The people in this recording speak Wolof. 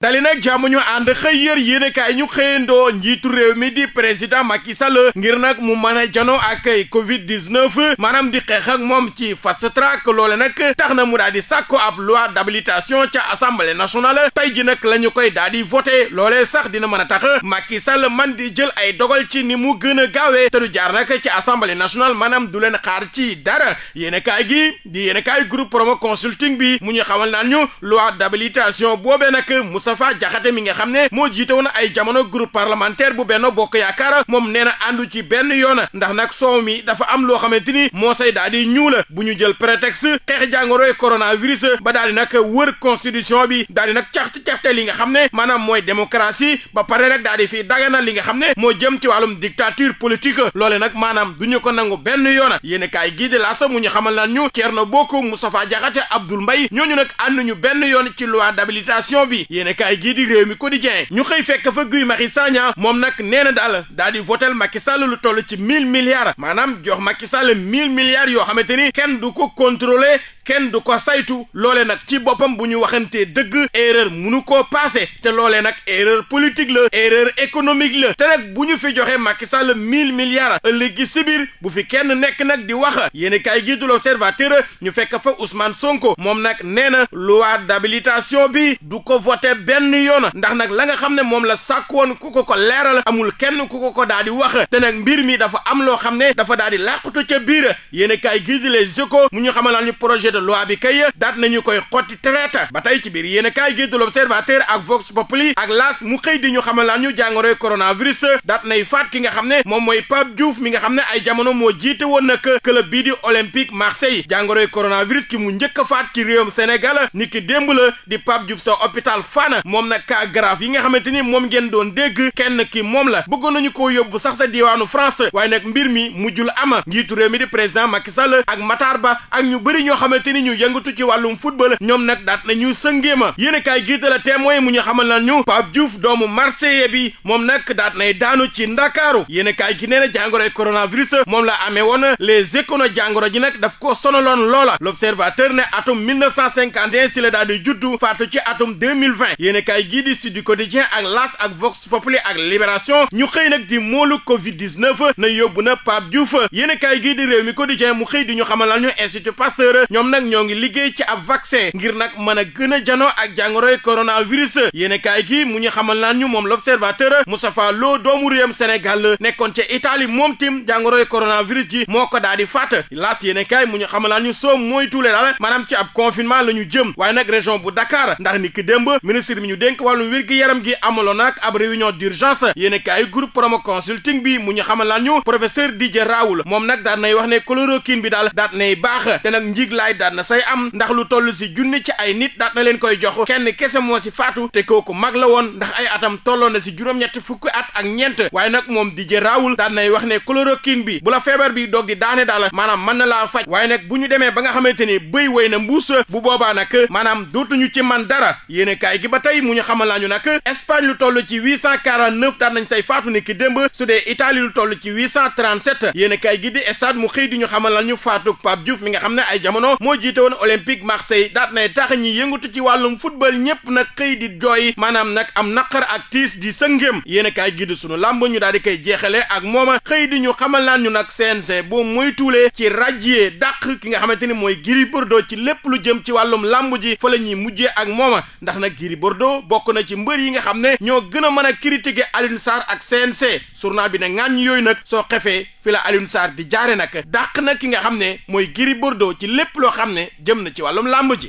dali nag jàmm ñu ànd xëy yër yéenekaay ñu ndoo njiitu réew mi di président Macky Sall ngir nag mu mën a janoo ak Covid 19 maanaam di xeex ak moom ci fast track loole nag tax na mu daal di sàkku ab loi d'habilitation ca assemblée nationale tey ji nag la ñu koy daal di voté loolee sax dina mën a tax Macky Sall man di jël ay dogal ci ni mu gën a gaawee te du jaar nak ci assemblée nationale maanaam du leen xaar ci dara yéenekaay gi di yéenekaay groupe promo consulting bi mu ñu xamal naan ñu loi d'habilitation Moustapha Diakhaté mi nga xam ne moo jiite woon ay jamono groupe parlementaire bu benn bokk yaakaar moom nee na àndu ci benn yoon ndax nag soow mi dafa am loo xamante ni moo sey daal di ñuula bu ñu jël prétexte xeex jàngoroy coronavirus ba daal nag wër constitution bi daal di nag caxte caxte li nga xam ne maanaam mooy démocratie ba pare rek daal di fi dagana li nga xam ne moo jëm ci wàllum dictature politique loole nag maanaam du ñu ko nangu benn yoona yéen kay gii di laasa mu ñu xamal lan ñu Thierno Bocoum Moustapha Diakhaté ñooñu nag ànduñu benn yoon ci loi d'habilitation bi yéen kaay gii di réew mi quotidien ñu xëy fekk fa Guy Marius Sagna moom nag nee na daal daal di votel Macky Sall lu toll ci mille milliards maanaam jox Macky Sall mille milliards yoo xamante ni kenn du ko contrôler kenn du ko saytu loole nag ci boppam bu ñu waxantee dëgg erreur munu koo passé te loolee nag erreur politique la erreur économique la te nag bu ñu fi joxe Macky Sall mille a ëllëg gi si bu fi kenn nekk nag di wax yéen kay gi du l'Observateur ñu fekk fa Ousmane Sonko moom nag nee na loi d'habilitation bi du ko voté benn yoon ndax nag la nga xam ne moom la sàkk woon ku ko ko leeral amul kenn ku ko ko daal di wax te nag mbir mi dafa am loo xam ne dafa daal di làqatu ca biir yéen kay gi di Les Échos mu ñu xamal ñu projet de loi bi kay daat nañu koy xotti traite ba tey ci biir yéen a kaay gi de l'observateur ak Vox Populi ak laas mu xëy di ñu xamal ñu jàngoroy coronavirus daat nay faat ki nga xam ne moom mooy Pape Diouf mi nga xam ne ay jamono moo jiite woon na nag club bii di Olympique Marseille jàngoroy coronavirus ki mu njëkk a faat ci réewum Sénégal ni ki démb la di Pape Diouf sa hôpital Fann moom nag cas grave yi nga xamante ni moom ngeen doon dégg kenn ki moom la bëggoon nañu koo yóbbu sax sa diwaanu France waaye nag mbir mi mujjul ama njiitu réew mi président Macky Sall ak Matar Ba ak ñoo xamante xamante ni ñu yëngatu ci wàllum football ñoom nag daat nañu sëngéema yéen a kaay gii de la témoin mu ñu xamal lan ñu Pape Diouf doomu Marseille bi moom nag daat nay daanu ci ndakaaru yéen a kaay gi nee na coronavirus moom la amee woon les écono jàngoro ji nag daf ko sonaloon loola l'observateur ne atum 1951 si juddu faatu ci atum 2020 gii di Sud Quotidien ak L'As ak Vox Populi ak Libération ñu xëy nag di moolu Covid na yóbbu na ñoom nag ñoo ngi liggéey ci ab vaccin ngir nag mën a gën a janoo ak jàngoroy coronavirus yéene kaay gi mu ñu xamal naan ñu moom l'observateur Moustapha Lo doomu réewam Sénégal nekkoon ca Italie moom tim jàngoroy coronavirus ji moo ko daal di faat laas yéene kaay mu ñu xamal naan ñu soo moytuwulee daal maanaam ci ab confinement la ñu jëm waaye nag région bu Dakar ndax ni ki démb ministre mi ñu dénk wàllum wér gi yaram gi amaloon nag ab réunion d'urgence yéene kaay groupe promo consulting bi mu ñu xamal naan ñu professeur Didier Raoult moom nag daal nay wax ne chloroquine bi daal daat nay baax daan na say am ndax lu toll si junni ci ay nit daat na leen koy jox kenn kese moo ci faatu te kooku mag la woon ndax ay atam tolloo na si juróom-ñetti fukki at ak ñeent waaye nag moom di jë raawul daan nay wax ne chloroquine bi bu la feebar bi doog di daane daal maanaam mën na laa faj waaye nag bu ñu demee ba nga xamante ni bëy woy na mbuus bu boobaa nag maanaam dootuñu ci man dara yéen gi ba tey mu ñu xamal laa ñu nag Espagne lu toll ci 849 daan nañ say faatu ni ki démb su dee Italie ci 837 yéen kaay gi di xëy di ñu xamal la ñu faatu Pape Diouf nga xam ne ay jamono moo jiite woon olympique marseille daat nay tax ñi yëngatu ci wàllum football ñépp nag xëy di jooy maanaam nag am naqar ak tiis di sëngéem yéen a kaay gi sunu làmb ñu daal di koy jeexale ak mooma xëy di ñu xamal naan ñu nag CNG boo muy tuulee ci rajee dàq ki nga xamante ni mooy Gris doo ci lépp lu jëm ci wàllum làmb ji fa la ñuy mujjee ak mooma ndax nag Gris doo bokk na ci mbër yi nga xam ne ñoo gën a mën a critiquer Alioune Sarr ak CNG journal bi ne ŋàññ yooyu nag soo xefee fi la Alioune saar di jaare nag dàq na ki nga xam ne mooy Gris doo ci lépp loo xam ne jëm na ci wàllum làmb ji